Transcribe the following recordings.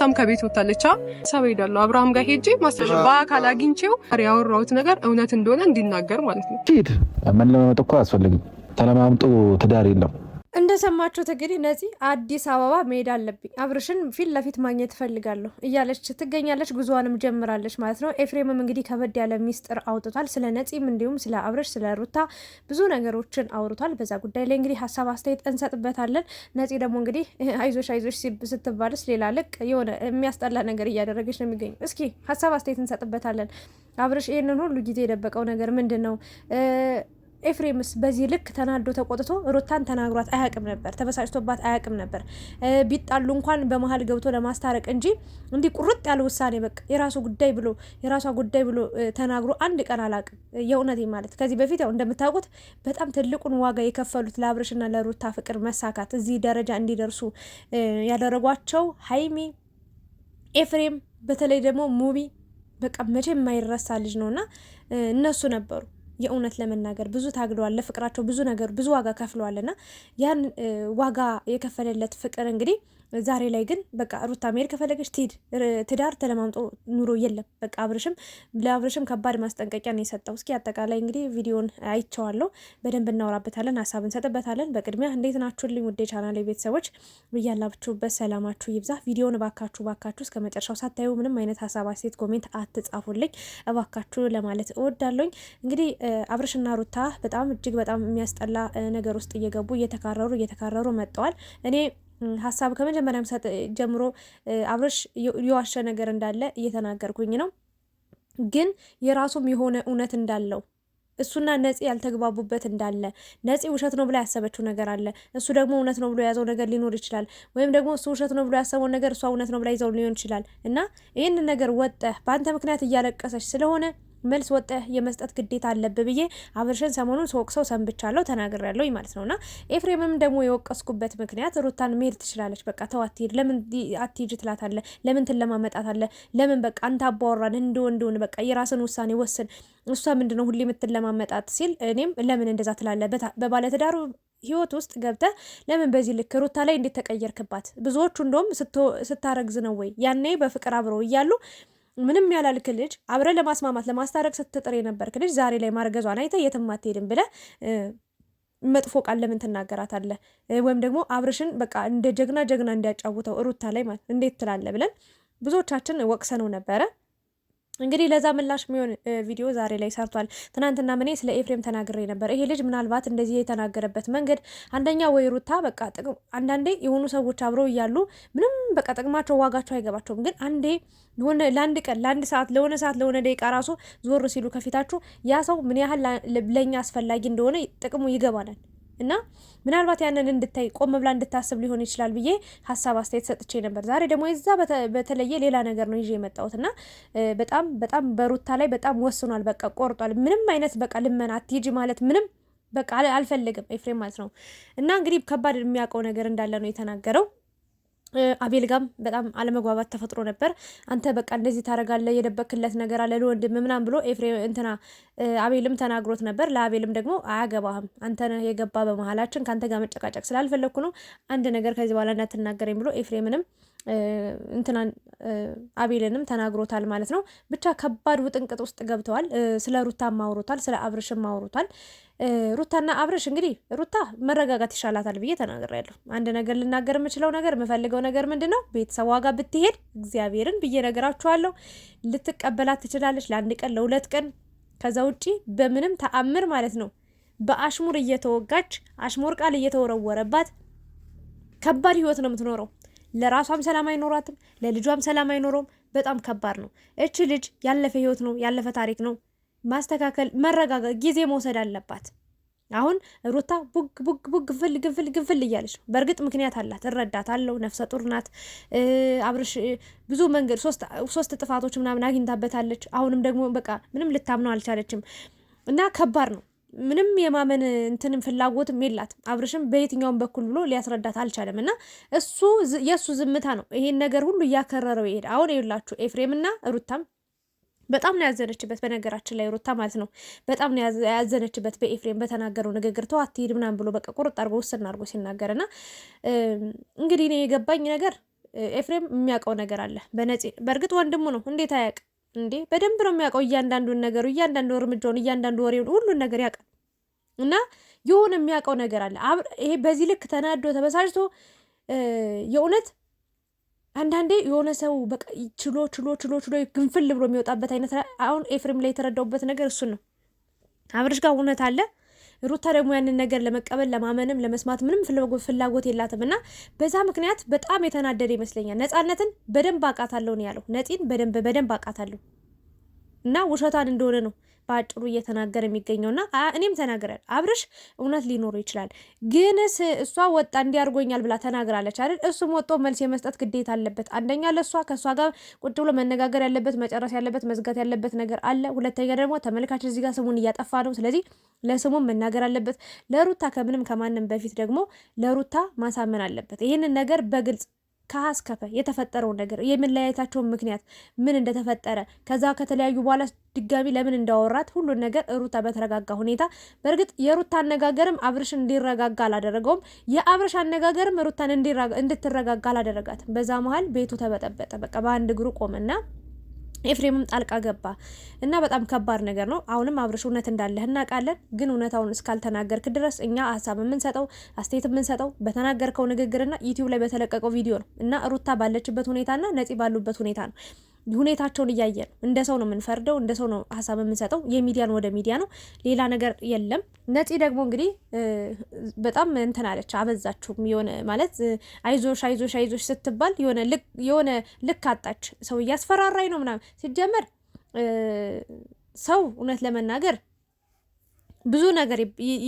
ሩታም ከቤት ወታለቻ ሰብ ሄዳለሁ አብርሃም ጋር ሄጄ ማስተባ በአካል አግኝቼው ያወራሁት ነገር እውነት እንደሆነ እንዲናገር ማለት ነው። ሄድ መለማመጥ እኮ አያስፈልግም። ተለማምጡ ትዳር የለም። እንደሰማችሁት እንግዲህ ነፂ አዲስ አበባ መሄድ አለብኝ አብርሽን ፊት ለፊት ማግኘት እፈልጋለሁ እያለች ትገኛለች። ጉዞዋንም ጀምራለች ማለት ነው። ኤፍሬምም እንግዲህ ከበድ ያለ ሚስጥር አውጥቷል። ስለ ነፂም እንዲሁም ስለ አብርሽ፣ ስለ ሩታ ብዙ ነገሮችን አውርቷል። በዛ ጉዳይ ላይ እንግዲህ ሀሳብ አስተያየት እንሰጥበታለን። ነፂ ደግሞ እንግዲህ አይዞሽ አይዞሽ ስትባልስ ሌላ ልቅ የሆነ የሚያስጠላ ነገር እያደረገች ነው የሚገኘው። እስኪ ሀሳብ አስተያየት እንሰጥበታለን። አብርሽ ይህንን ሁሉ ጊዜ የደበቀው ነገር ምንድን ነው? ኤፍሬምስ በዚህ ልክ ተናዶ ተቆጥቶ ሩታን ተናግሯት አያቅም ነበር። ተበሳጭቶባት አያቅም ነበር። ቢጣሉ እንኳን በመሀል ገብቶ ለማስታረቅ እንጂ እንዲህ ቁርጥ ያለ ውሳኔ በቃ የራሱ ጉዳይ ብሎ የራሷ ጉዳይ ብሎ ተናግሮ አንድ ቀን አላውቅም። የእውነት ማለት ከዚህ በፊት ያው እንደምታውቁት በጣም ትልቁን ዋጋ የከፈሉት ለአብርሽና ለሩታ ፍቅር መሳካት እዚህ ደረጃ እንዲደርሱ ያደረጓቸው ሀይሚ፣ ኤፍሬም በተለይ ደግሞ ሙቢ በቃ መቼ የማይረሳ ልጅ ነውና እነሱ ነበሩ። የእውነት ለመናገር ብዙ ታግለዋል፣ ለፍቅራቸው ብዙ ነገር ብዙ ዋጋ ከፍለዋል እና ያን ዋጋ የከፈለለት ፍቅር እንግዲህ ዛሬ ላይ ግን በቃ ሩታ መሄድ ከፈለገች ትሂድ። ትዳር ተለማምጦ ኑሮ የለም። በቃ አብርሽም ለአብርሽም ከባድ ማስጠንቀቂያ ነው የሰጠው። እስኪ አጠቃላይ እንግዲህ ቪዲዮን አይቼዋለሁ። በደንብ እናወራበታለን፣ ሀሳብ እንሰጥበታለን። በቅድሚያ እንዴት ናችሁልኝ ውዴ ቻናል ቤተሰቦች ብያላችሁበት ሰላማችሁ ይብዛ። ቪዲዮን እባካችሁ እባካችሁ እስከ መጨረሻው ሳታዩ ምንም አይነት ሀሳብ አሴት ኮሜንት አትጻፉልኝ እባካችሁ ለማለት እወዳለሁኝ። እንግዲህ አብርሽና ሩታ በጣም እጅግ በጣም የሚያስጠላ ነገር ውስጥ እየገቡ እየተካረሩ እየተካረሩ መጥተዋል። እኔ ሀሳብ ከመጀመሪያም ሰጥ ጀምሮ አብረሽ የዋሸ ነገር እንዳለ እየተናገርኩኝ ነው። ግን የራሱም የሆነ እውነት እንዳለው እሱና ነፂ ያልተግባቡበት እንዳለ ነፂ ውሸት ነው ብላ ያሰበችው ነገር አለ። እሱ ደግሞ እውነት ነው ብሎ የያዘው ነገር ሊኖር ይችላል። ወይም ደግሞ እሱ ውሸት ነው ብሎ ያሰበውን ነገር እሷ እውነት ነው ብላ ይዘው ሊሆን ይችላል እና ይህንን ነገር ወጠህ በአንተ ምክንያት እያለቀሰች ስለሆነ መልስ ወጠ የመስጠት ግዴታ አለብህ ብዬ አብርሽን ሰሞኑን ስወቅሰው ሰንብቻለሁ ተናግሬያለሁ ማለት ነውና ኤፍሬምም ደግሞ የወቀስኩበት ምክንያት ሩታን መሄድ ትችላለች፣ በቃ ተው አትሄድ፣ ለምን አትሄጂ ትላታለህ? ለምን አለ፣ ለምን በቃ አንተ አባወራን እንደ ወንድ በቃ የራስን ውሳኔ ወስን፣ እሷ ነው ሁሌ የምትለማመጣት ሲል እኔም ለምን እንደዛ ትላለህ? በባለትዳሩ ህይወት ውስጥ ገብተ ለምን በዚህ ልክ ሩታ ላይ እንዴት ተቀየርክባት? ብዙዎቹ እንደውም ስታረግዝ ነው ወይ ያኔ በፍቅር አብረው እያሉ ምንም ያላልክ ልጅ አብረ ለማስማማት ለማስታረቅ ስትጥር የነበርክ ልጅ ዛሬ ላይ ማርገዟን አይተ የትም አትሄድም ብለህ መጥፎ ቃል ለምን ትናገራታለህ? ወይም ደግሞ አብርሽን በቃ እንደ ጀግና ጀግና እንዲያጫውተው ሩታ ላይ እንዴት ትላለህ? ብለን ብዙዎቻችን ወቅሰነው ነበረ። እንግዲህ ለዛ ምላሽ የሚሆን ቪዲዮ ዛሬ ላይ ሰርቷል። ትናንትና እኔ ስለ ኤፍሬም ተናግሬ ነበር። ይሄ ልጅ ምናልባት እንደዚህ የተናገረበት መንገድ አንደኛ ወይ ሩታ በቃ ጥቅም አንዳንዴ የሆኑ ሰዎች አብረው እያሉ ምንም በቃ ጥቅማቸው ዋጋቸው አይገባቸውም። ግን አንዴ ሆነ ለአንድ ቀን ለአንድ ሰዓት ለሆነ ሰዓት ለሆነ ደቂቃ ራሱ ዞር ሲሉ ከፊታችሁ ያ ሰው ምን ያህል ለእኛ አስፈላጊ እንደሆነ ጥቅሙ ይገባናል። እና ምናልባት ያንን እንድታይ ቆም ብላ እንድታስብ ሊሆን ይችላል ብዬ ሀሳብ አስተያየት ሰጥቼ ነበር። ዛሬ ደግሞ የዛ በተለየ ሌላ ነገር ነው ይዤ የመጣሁት እና በጣም በጣም በሩታ ላይ በጣም ወስኗል። በቃ ቆርጧል። ምንም አይነት በቃ ልመና አትሂጂ ማለት ምንም በቃ አልፈልግም ኤፍሬም ማለት ነው። እና እንግዲህ ከባድ የሚያውቀው ነገር እንዳለ ነው የተናገረው። አቤል ጋም በጣም አለመግባባት ተፈጥሮ ነበር። አንተ በቃ እንደዚህ ታደርጋለህ የደበክለት ነገር አለ ለወንድም ምናምን ብሎ ኤፍሬ እንትና አቤልም ተናግሮት ነበር። ለአቤልም ደግሞ አያገባህም፣ አንተ ነህ የገባ በመሀላችን፣ ከአንተ ጋር መጨቃጨቅ ስላልፈለግኩ ነው፣ አንድ ነገር ከዚህ በኋላ እንዳትናገረኝ ብሎ ኤፍሬምንም እንትናን አቤልንም ተናግሮታል ማለት ነው። ብቻ ከባድ ውጥንቅጥ ውስጥ ገብተዋል። ስለ ሩታም አውሮቷል፣ ስለ አብርሽም አውሮቷል። ሩታና አብርሽ እንግዲህ ሩታ መረጋጋት ይሻላታል ብዬ ተናግሬያለሁ። አንድ ነገር ልናገር የምችለው ነገር የምፈልገው ነገር ምንድን ነው? ቤተሰቧ ጋር ብትሄድ እግዚአብሔርን ብዬ ነገራችኋለሁ፣ ልትቀበላት ትችላለች ለአንድ ቀን ለሁለት ቀን። ከዛ ውጪ በምንም ተአምር ማለት ነው በአሽሙር እየተወጋች አሽሙር ቃል እየተወረወረባት ከባድ ህይወት ነው የምትኖረው። ለራሷም ሰላም አይኖራትም፣ ለልጇም ሰላም አይኖረውም። በጣም ከባድ ነው። እች ልጅ ያለፈ ህይወት ነው፣ ያለፈ ታሪክ ነው። ማስተካከል፣ መረጋጋት፣ ጊዜ መውሰድ አለባት። አሁን ሩታ ቡግ ቡግ ቡግ ግንፍል ግፍል ግፍል እያለች ነው። በእርግጥ ምክንያት አላት፣ አለው። ነፍሰ ጡር ናት። አብርሽ ብዙ መንገድ ሶስት ጥፋቶች ምናምን አግኝታበታለች። አሁንም ደግሞ በቃ ምንም ልታምነው አልቻለችም እና ከባድ ነው። ምንም የማመን እንትንም ፍላጎትም የላትም። አብርሽም በየትኛውም በኩል ብሎ ሊያስረዳት አልቻለም። እና እሱ የእሱ ዝምታ ነው ይሄን ነገር ሁሉ እያከረረው ይሄድ። አሁን ይላችሁ ኤፍሬምና ሩታም በጣም ነው ያዘነችበት። በነገራችን ላይ ሩታ ማለት ነው በጣም ነው ያዘነችበት በኤፍሬም በተናገረው ንግግር። ተው አትሄድ ምናምን ብሎ በቃ ቁርጥ አድርጎ ውስን አድርጎ ሲናገር እና እንግዲህ እኔ የገባኝ ነገር ኤፍሬም የሚያውቀው ነገር አለ በነፂ። በእርግጥ ወንድሙ ነው እንዴት አያውቅ? እንዴ በደንብ ነው የሚያውቀው እያንዳንዱን ነገሩ፣ እያንዳንዱ እርምጃውን፣ እያንዳንዱ ወሬውን፣ ሁሉን ነገር ያውቃል። እና የሆነ የሚያውቀው ነገር አለ። ይሄ በዚህ ልክ ተናዶ ተበሳጭቶ የእውነት አንዳንዴ የሆነ ሰው ችሎ ችሎ ችሎ ችሎ ግንፍል ብሎ የሚወጣበት አይነት አሁን ኤፍሬም ላይ የተረዳውበት ነገር እሱን ነው። አብርሽ ጋር እውነት አለ ሩታ ደግሞ ያንን ነገር ለመቀበል ለማመንም ለመስማት ምንም ፍላጎት የላትም እና በዛ ምክንያት በጣም የተናደደ ይመስለኛል። ነፃነትን በደንብ አውቃታለሁ ነው ያለው። ነፂን በደንብ በደንብ አውቃታለሁ እና ውሸቷን እንደሆነ ነው በአጭሩ እየተናገረ የሚገኘውና እኔም ተናግራል። አብርሽ እውነት ሊኖሩ ይችላል፣ ግንስ እሷ ወጣ እንዲያርጎኛል ብላ ተናግራለች አይደል? እሱም ወጦ መልስ የመስጠት ግዴታ አለበት። አንደኛ ለእሷ ከእሷ ጋር ቁጭ ብሎ መነጋገር ያለበት መጨረስ ያለበት መዝጋት ያለበት ነገር አለ። ሁለተኛ ደግሞ ተመልካች እዚህ ጋር ስሙን እያጠፋ ነው። ስለዚህ ለስሙን መናገር አለበት። ለሩታ ከምንም ከማንም በፊት ደግሞ ለሩታ ማሳመን አለበት ይህንን ነገር በግልጽ ከሀስከፈ የተፈጠረው የተፈጠረውን ነገር የመለያየታቸውን ምክንያት ምን እንደተፈጠረ ከዛ ከተለያዩ በኋላ ድጋሚ ለምን እንዳወራት ሁሉን ነገር ሩታ በተረጋጋ ሁኔታ። በእርግጥ የሩታ አነጋገርም አብርሽ እንዲረጋጋ አላደረገውም። የአብርሽ አነጋገርም ሩታን እንድትረጋጋ አላደረጋትም። በዛ መሀል ቤቱ ተበጠበጠ። በቃ በአንድ እግሩ ቆመና ኤፍሬምም ጣልቃ ገባ እና በጣም ከባድ ነገር ነው። አሁንም አብርሽ እውነት እንዳለህ እናውቃለን፣ ግን እውነታውን እስካልተናገርክ ድረስ እኛ ሀሳብ የምንሰጠው አስተያየት የምንሰጠው በተናገርከው ንግግርና ዩቲዩብ ላይ በተለቀቀው ቪዲዮ ነው እና ሩታ ባለችበት ሁኔታና ነፂ ባሉበት ሁኔታ ነው። ሁኔታቸውን እያየ ነው። እንደ ሰው ነው የምንፈርደው፣ እንደ ሰው ነው ሀሳብ የምንሰጠው። የሚዲያን ወደ ሚዲያ ነው፣ ሌላ ነገር የለም። ነፂ ደግሞ እንግዲህ በጣም እንትን አለች፣ አበዛችሁም የሆነ ማለት አይዞሽ አይዞሽ አይዞሽ ስትባል የሆነ ልክ አጣች። ሰው እያስፈራራኝ ነው ምናምን ሲጀመር ሰው እውነት ለመናገር ብዙ ነገር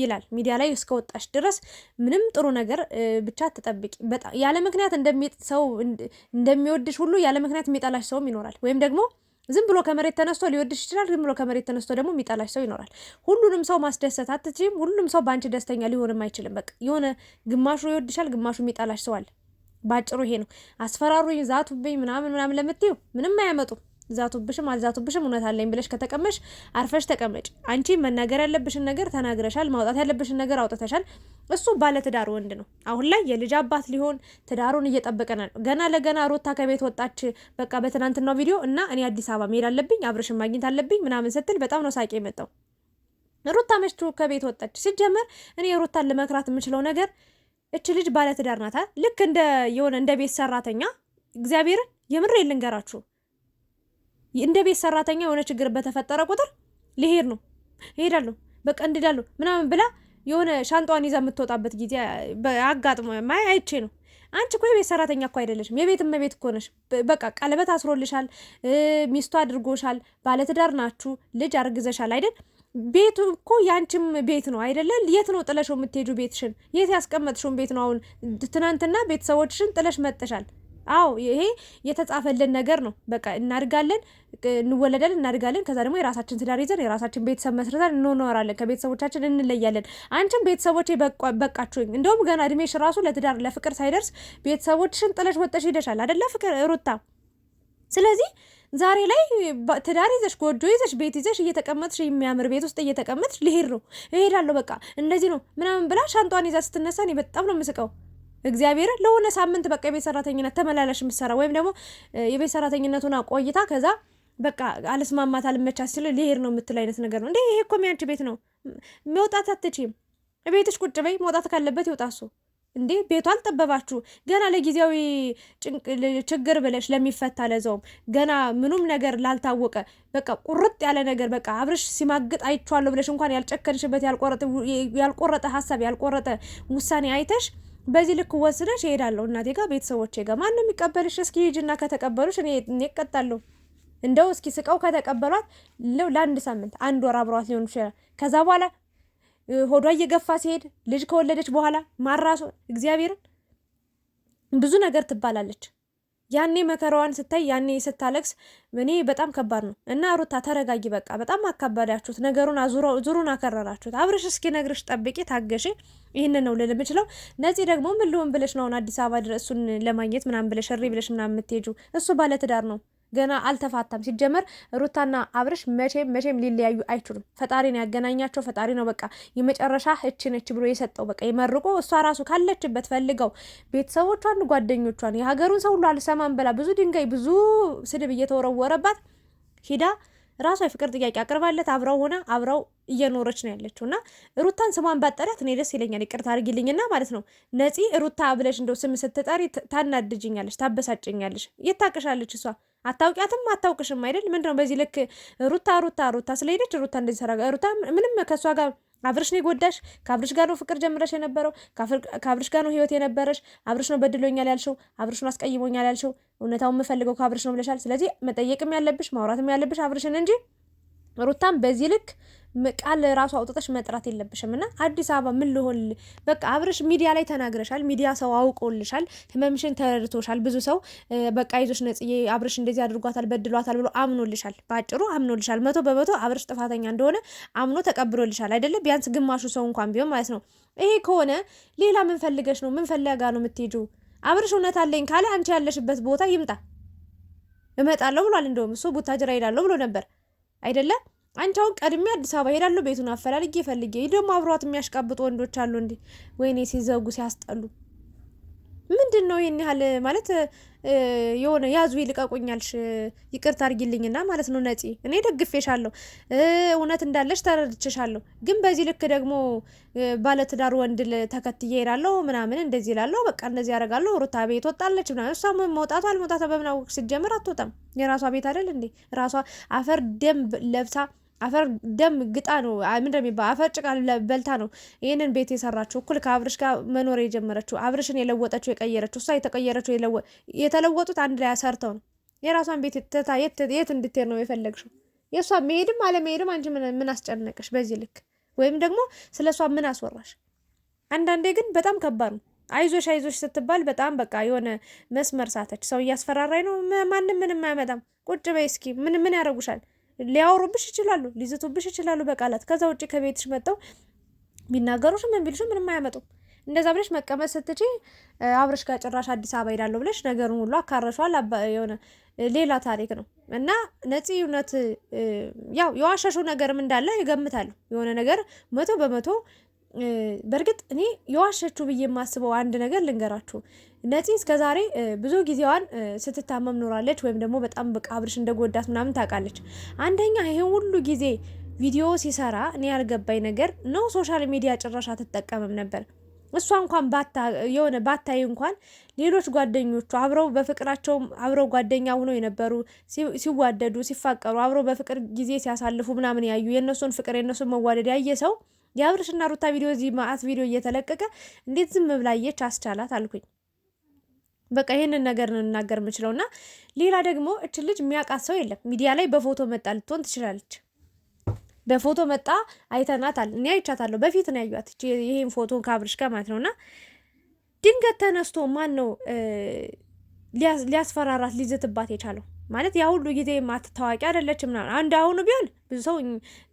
ይላል ሚዲያ ላይ እስከወጣሽ ድረስ ምንም ጥሩ ነገር ብቻ ትጠብቂ በጣም ያለ ምክንያት ሰው እንደሚወድሽ ሁሉ ያለ ምክንያት የሚጠላሽ ሰውም ይኖራል። ወይም ደግሞ ዝም ብሎ ከመሬት ተነስቶ ሊወድሽ ይችላል። ዝም ብሎ ከመሬት ተነስቶ ደግሞ የሚጠላሽ ሰው ይኖራል። ሁሉንም ሰው ማስደሰት አትችም። ሁሉንም ሰው በአንቺ ደስተኛ ሊሆንም አይችልም። በቃ የሆነ ግማሹ ይወድሻል፣ ግማሹ የሚጠላሽ ሰው አለ። ባጭሩ ይሄ ነው። አስፈራሩኝ፣ ዛቱብኝ፣ ምናምን ምናምን ለምትይው ምንም አያመጡም። ዛቱብሽም አልዛቱብሽም እውነት አለኝ ብለሽ ከተቀመሽ አርፈሽ ተቀመጭ። አንቺ መናገር ያለብሽን ነገር ተናግረሻል፣ ማውጣት ያለብሽን ነገር አውጥተሻል። እሱ ባለትዳር ወንድ ነው። አሁን ላይ የልጅ አባት ሊሆን ትዳሩን እየጠበቀናል። ገና ለገና ሩታ ከቤት ወጣች በቃ በትናንትናው ቪዲዮ እና እኔ አዲስ አበባ መሄድ አለብኝ አብርሽን ማግኘት አለብኝ ምናምን ስትል በጣም ነው ሳቄ የመጣው። ሩታ መች ከቤት ወጣች? ሲጀመር እኔ ሩታን ለመክራት የምችለው ነገር እች ልጅ ባለትዳር ናታ። ልክ እንደ የሆነ እንደ ቤት ሰራተኛ እግዚአብሔርን የምሬ ልንገራችሁ እንደ ቤት ሰራተኛ የሆነ ችግር በተፈጠረ ቁጥር ሊሄድ ነው እሄዳለሁ፣ በቃ እንድዳለሁ ምናምን ብላ የሆነ ሻንጣዋን ይዛ የምትወጣበት ጊዜ አጋጥሞ ማይ አይቼ ነው። አንቺ እኮ የቤት ሰራተኛ እኮ አይደለሽም፣ የቤት እመቤት እኮ ነሽ። በቃ ቀለበት አስሮልሻል፣ ሚስቱ አድርጎሻል፣ ባለትዳር ናችሁ፣ ልጅ አርግዘሻል አይደል? ቤቱ እኮ ያንቺም ቤት ነው አይደለ? የት ነው ጥለሽው የምትሄጁ? ቤትሽን የት ያስቀመጥሽውን ቤት ነው አሁን? ትናንትና ቤተሰቦችሽን ጥለሽ መጥሻል። አዎ ይሄ የተጻፈልን ነገር ነው። በቃ እናድጋለን፣ እንወለዳለን፣ እናድጋለን። ከዛ ደግሞ የራሳችን ትዳር ይዘን የራሳችን ቤተሰብ መስርተን እንኖራለን፣ ከቤተሰቦቻችን እንለያለን። አንቺም ቤተሰቦች በቃችሁኝ፣ እንደውም ገና እድሜሽ ራሱ ለትዳር ለፍቅር ሳይደርስ ቤተሰቦችሽን ጥለሽ ወጠሽ ሄደሻል አደለ ፍቅር ሩታ። ስለዚህ ዛሬ ላይ ትዳር ይዘሽ ጎጆ ይዘሽ ቤት ይዘሽ እየተቀመጥሽ የሚያምር ቤት ውስጥ እየተቀመጥሽ ልሄድ ነው እሄዳለሁ በቃ እንደዚህ ነው ምናምን ብላ ሻንጧን ይዛ ስትነሳ እኔ በጣም ነው የምስቀው። እግዚአብሔር ለሆነ ሳምንት በቃ የቤት ሰራተኝነት ተመላላሽ የምትሰራ ወይም ደግሞ የቤት ሰራተኝነቱን ቆይታ ከዛ በቃ አልስማማት አልመቻ ሲል ሊሄድ ነው የምትል አይነት ነገር ነው እንዴ? ይሄ እኮ የሚያንቺ ቤት ነው። መውጣት አትችም። ቤትሽ ቁጭ በይ። መውጣት ካለበት ይውጣ እሱ። እንዴ ቤቱ አልጠበባችሁ ገና ለጊዜያዊ ችግር ብለሽ ለሚፈታ ለዛውም ገና ምኑም ነገር ላልታወቀ በቃ ቁርጥ ያለ ነገር በቃ አብረሽ ሲማግጥ አይቼዋለሁ ብለሽ እንኳን ያልጨከንሽበት ያልቆረጠ ሀሳብ ያልቆረጠ ውሳኔ አይተሽ በዚህ ልክ ወስደሽ እሄዳለሁ እናቴ ጋር ቤተሰቦቼ ጋር ማን ነው የሚቀበልሽ? እስኪ ሂጂና ከተቀበሉሽ እኔ እቀጣለሁ። እንደው እስኪ ስቀው ከተቀበሏት ለአንድ ሳምንት አንድ ወር አብሯት ሊሆን ይችላል። ከዛ በኋላ ሆዷ እየገፋ ሲሄድ ልጅ ከወለደች በኋላ ማራሶ እግዚአብሔርን ብዙ ነገር ትባላለች። ያኔ መከራዋን ስታይ ያኔ ስታለቅስ እኔ በጣም ከባድ ነው እና ሩታ ተረጋጊ፣ በቃ በጣም አካባዳችሁት፣ ነገሩን ዙሩን አከረራችሁት። አብርሽ እስኪ ነግርሽ ጠብቂ፣ ታገሽ ይህን ነው ልል የምችለው። ነፂ ደግሞ ምን ብለሽ ነውን አዲስ አበባ ድረስ እሱን ለማግኘት ምናምን ብለሽ እሪ ብለሽ ምናምን የምትሄጂው? እሱ ባለትዳር ነው። ገና አልተፋታም። ሲጀመር ሩታና አብርሽ መቼም መቼም ሊለያዩ አይችሉም። ፈጣሪ ነው ያገናኛቸው። ፈጣሪ ነው በቃ የመጨረሻ እች ነች ብሎ የሰጠው በቃ የመርቆ እሷ ራሱ ካለችበት ፈልገው ቤተሰቦቿን፣ ጓደኞቿን የሀገሩን ሰው ሁሉ አልሰማም ብላ ብዙ ድንጋይ ብዙ ስድብ እየተወረወረባት ሂዳ ራሷ የፍቅር ጥያቄ አቅርባለት አብረው ሆና አብረው እየኖረች ነው ያለችው እና ሩታን ስሟን ባጠሪያት እኔ ደስ ይለኛል። ይቅርታ አድርጊልኝና ማለት ነው ነፂ ሩታ ብለሽ እንደው ስም ስትጠሪ ታናድጅኛለች፣ ታበሳጭኛለች። የታቅሻለች እሷ አታውቂያትም፣ አታውቅሽም አይደል? ምንድነው በዚህ ልክ ሩታ ሩታ ሩታ ስለሄደች ሩታ እንደዚህ ሰራ ሩታ ምንም ከእሷ ጋር አብርሽ ነው የጎዳሽ። ከአብርሽ ጋር ነው ፍቅር ጀምረሽ የነበረው። ከአብርሽ ጋር ነው ህይወት የነበረሽ። አብርሽ ነው በድሎኛል ያልሽው። አብርሽ ነው አስቀይሞኛል ያልሽው። እውነታውን የምፈልገው ከአብርሽ ነው ብለሻል። ስለዚህ መጠየቅም ያለብሽ ማውራትም ያለብሽ አብርሽን እንጂ ሩታም በዚህ ልክ ቃል ራሱ አውጥተሽ መጥራት የለብሽም። እና አዲስ አበባ ምን ልሆን በቃ አብርሽ ሚዲያ ላይ ተናግረሻል። ሚዲያ ሰው አውቆልሻል። ህመምሽን ተረድቶሻል። ብዙ ሰው በቃ ይዞሽ ነጽዬ አብርሽ እንደዚህ አድርጓታል፣ በድሏታል ብሎ አምኖልሻል። በአጭሩ አምኖልሻል። መቶ በመቶ አብርሽ ጥፋተኛ እንደሆነ አምኖ ተቀብሎልሻል። አይደለ ቢያንስ ግማሹ ሰው እንኳን ቢሆን ማለት ነው። ይሄ ከሆነ ሌላ ምን ፈልገሽ ነው? ምን ፈለጋ ነው የምትሄጂው? አብርሽ እውነት አለኝ ካለ አንቺ ያለሽበት ቦታ ይምጣ። እመጣለሁ ብሏል። እንደውም እሱ ቡታጅራ ሄዳለሁ ብሎ ነበር አይደለ አንቺ አሁን ቀድሜ አዲስ አበባ ሄዳለሁ፣ ቤቱን አፈላልጌ ፈልጌ ደግሞ አብሯት የሚያሽቃብጡ ወንዶች አሉ እንዴ! ወይኔ ሲዘጉ ሲያስጠሉ። ምንድን ነው ይህን ያህል ማለት የሆነ ያዙ ይልቀቁኛልሽ፣ ይቅርታ አርጊልኝና ማለት ነው ነፂ። እኔ ደግፌሻለሁ፣ እውነት እንዳለሽ ተረድቼሻለሁ። ግን በዚህ ልክ ደግሞ ባለትዳር ወንድ ተከትዬ እሄዳለሁ ምናምን እንደዚህ እላለሁ፣ በቃ እንደዚህ ያደርጋለሁ። ሩታ ቤት ወጣለች ምናምን፣ እሷ መውጣቷ አልመውጣቷ በምናወቅ ስትጀምር አትወጣም። የራሷ ቤት አይደል እንዴ? ራሷ አፈር ደም ለብሳ አፈር ደም ግጣ ነው ምንድን የሚባለው አፈር ጭቃ በልታ ነው ይህንን ቤት የሰራችው። እኩል ከአብርሽ ጋር መኖር የጀመረችው አብርሽን የለወጠችው የቀየረችው እሷ የተቀየረችው የተለወጡት አንድ ላይ ሰርተው ነው። የራሷን ቤት የት እንድትሄድ ነው የፈለግሽው? የእሷ መሄድም አለመሄድም አንቺ ምን አስጨነቀሽ በዚህ ልክ ወይም ደግሞ ስለ እሷ ምን አስወራሽ? አንዳንዴ ግን በጣም ከባድ ነው። አይዞሽ አይዞሽ ስትባል በጣም በቃ የሆነ መስመር ሳተች። ሰው እያስፈራራኝ ነው፣ ማንም ምንም አያመጣም፣ ቁጭ በይ እስኪ ምን ምን ያደርጉሻል ሊያወሩብሽ ይችላሉ፣ ሊዝቱብሽ ይችላሉ በቃላት። ከዛ ውጭ ከቤትሽ መጥተው ቢናገሩሽ ምን ቢልሽ ምንም አያመጡም። እንደዛ ብለሽ መቀመጥ ስትች አብረሽ ጋር ጭራሽ አዲስ አበባ ሄዳለሁ ብለሽ ነገሩን ሁሉ አካረሸዋል። የሆነ ሌላ ታሪክ ነው እና ነፂ እውነት ያው የዋሸሽው ነገርም እንዳለ ይገምታሉ የሆነ ነገር መቶ በመቶ በእርግጥ እኔ የዋሸችው ብዬ የማስበው አንድ ነገር ልንገራችሁ። ነፂ ዛሬ ብዙ ጊዜዋን ስትታመም ኖራለች። ወይም ደግሞ በጣም በቃ አብርሽ እንደጎዳት ምናምን ታውቃለች። አንደኛ ይሄ ሁሉ ጊዜ ቪዲዮ ሲሰራ እኔ ያልገባኝ ነገር ነው፣ ሶሻል ሚዲያ ጭራሽ አትጠቀምም ነበር። እሷ እንኳን የሆነ ባታይ እንኳን ሌሎች ጓደኞቹ አብረው በፍቅራቸው አብረው ጓደኛ ሆነው የነበሩ ሲዋደዱ፣ ሲፋቀሩ፣ አብረው በፍቅር ጊዜ ሲያሳልፉ ምናምን ያዩ የእነሱን ፍቅር የእነሱን መዋደድ ያየ ሰው የአብርሽና ሩታ ቪዲዮ እዚህ ማአት ቪዲዮ እየተለቀቀ እንዴት ዝም ብላየች አስቻላት አልኩኝ። በቃ ይህንን ነገር ልናገር የምችለው እና ሌላ ደግሞ እች ልጅ የሚያውቃት ሰው የለም። ሚዲያ ላይ በፎቶ መጣ ልትሆን ትችላለች። በፎቶ መጣ አይተናታል። እኔ አይቻታለሁ። በፊት ነው ያዩት ይህን ፎቶ ከአብርሽ ጋር ማለት ነው እና ድንገት ተነስቶ ማን ነው ሊያስፈራራት ሊዝትባት የቻለው? ማለት ያ ሁሉ ጊዜ ማትታዋቂ አይደለችም ምናምን። አንድ አሁኑ ቢሆን ብዙ ሰው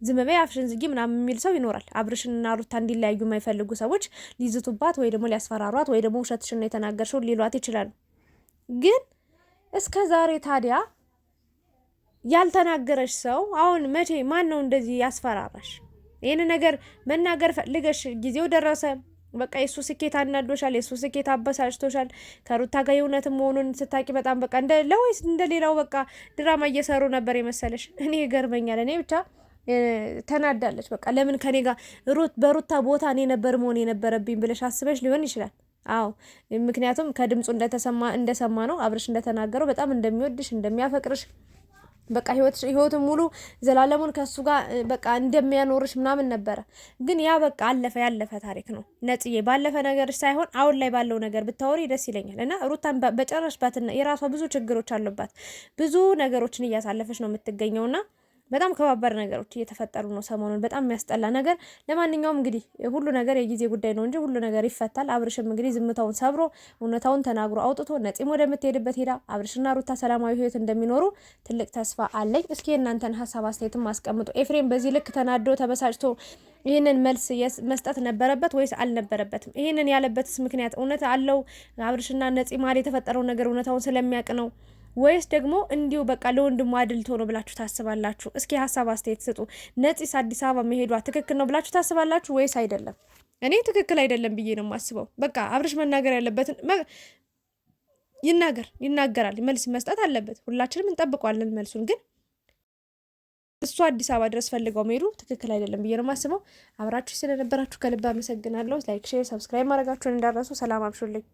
ዝም በይ አፍሽን ዝጊ ምናምን የሚል ሰው ይኖራል። አብርሽንና ሩታ እንዲለያዩ የማይፈልጉ ሰዎች ሊዝቱባት ወይ ደግሞ ሊያስፈራሯት ወይ ደግሞ ውሸትሽን ነው ሊሏት ይችላሉ። ግን እስከ ዛሬ ታዲያ ያልተናገረች ሰው አሁን መቼ ማን ነው እንደዚህ ያስፈራራሽ? ይህን ነገር መናገር ፈልገሽ ጊዜው ደረሰ። በቃ የእሱ ስኬት አናዶሻል፣ የእሱ ስኬት አበሳጭቶሻል። ከሩታ ጋር የእውነትም መሆኑን ስታቂ በጣም በቃ እንደ ለወይስ እንደ ሌላው በቃ ድራማ እየሰሩ ነበር የመሰለሽ። እኔ ይገርመኛል። እኔ ብቻ ተናዳለች። በቃ ለምን ከኔ ጋር ሩት በሩታ ቦታ እኔ ነበር መሆን የነበረብኝ ብለሽ አስበሽ ሊሆን ይችላል። አዎ ምክንያቱም ከድምፁ እንደተሰማ እንደሰማ ነው አብረሽ እንደተናገረው በጣም እንደሚወድሽ እንደሚያፈቅርሽ በቃ ህይወት ህይወትን ሙሉ ዘላለሙን ከሱ ጋር በቃ እንደሚያኖርሽ ምናምን ነበረ። ግን ያ በቃ አለፈ ያለፈ ታሪክ ነው ነጽዬ። ባለፈ ነገር ሳይሆን አሁን ላይ ባለው ነገር ብታወሪ ደስ ይለኛል። እና ሩታን በጨረሽባትና የራሷ ብዙ ችግሮች አሉባት። ብዙ ነገሮችን እያሳለፈች ነው የምትገኘውና በጣም ከባባድ ነገሮች እየተፈጠሩ ነው ሰሞኑን፣ በጣም የሚያስጠላ ነገር። ለማንኛውም እንግዲህ ሁሉ ነገር የጊዜ ጉዳይ ነው እንጂ ሁሉ ነገር ይፈታል። አብርሽም እንግዲህ ዝምታውን ሰብሮ እውነታውን ተናግሮ አውጥቶ ነፂም ወደምትሄድበት ሄዳ አብርሽና ሩታ ሰላማዊ ህይወት እንደሚኖሩ ትልቅ ተስፋ አለኝ። እስኪ የእናንተን ሀሳብ አስተያየትም አስቀምጡ። ኤፍሬም በዚህ ልክ ተናዶ ተበሳጭቶ ይህንን መልስ መስጠት ነበረበት ወይስ አልነበረበትም? ይህንን ያለበትስ ምክንያት እውነት አለው? አብርሽና ነፂ መሀል የተፈጠረው ነገር እውነታውን ስለሚያውቅ ነው ወይስ ደግሞ እንዲሁ በቃ ለወንድሙ አድልቶ ነው ብላችሁ ታስባላችሁ? እስኪ ሀሳብ አስተያየት ስጡ። ነፂስ አዲስ አበባ መሄዷ ትክክል ነው ብላችሁ ታስባላችሁ ወይስ አይደለም? እኔ ትክክል አይደለም ብዬ ነው የማስበው። በቃ አብርሽ መናገር ያለበትን ይናገር፣ ይናገራል። መልስ መስጠት አለበት። ሁላችንም እንጠብቋለን መልሱን። ግን እሱ አዲስ አበባ ድረስ ፈልገው መሄዱ ትክክል አይደለም ብዬ ነው የማስበው። አብራችሁ ስለነበራችሁ ከልብ አመሰግናለሁ። ላይክ፣ ሼር፣ ሰብስክራይብ ማድረጋችሁን እንዳረሱ። ሰላም አብሹልኝ።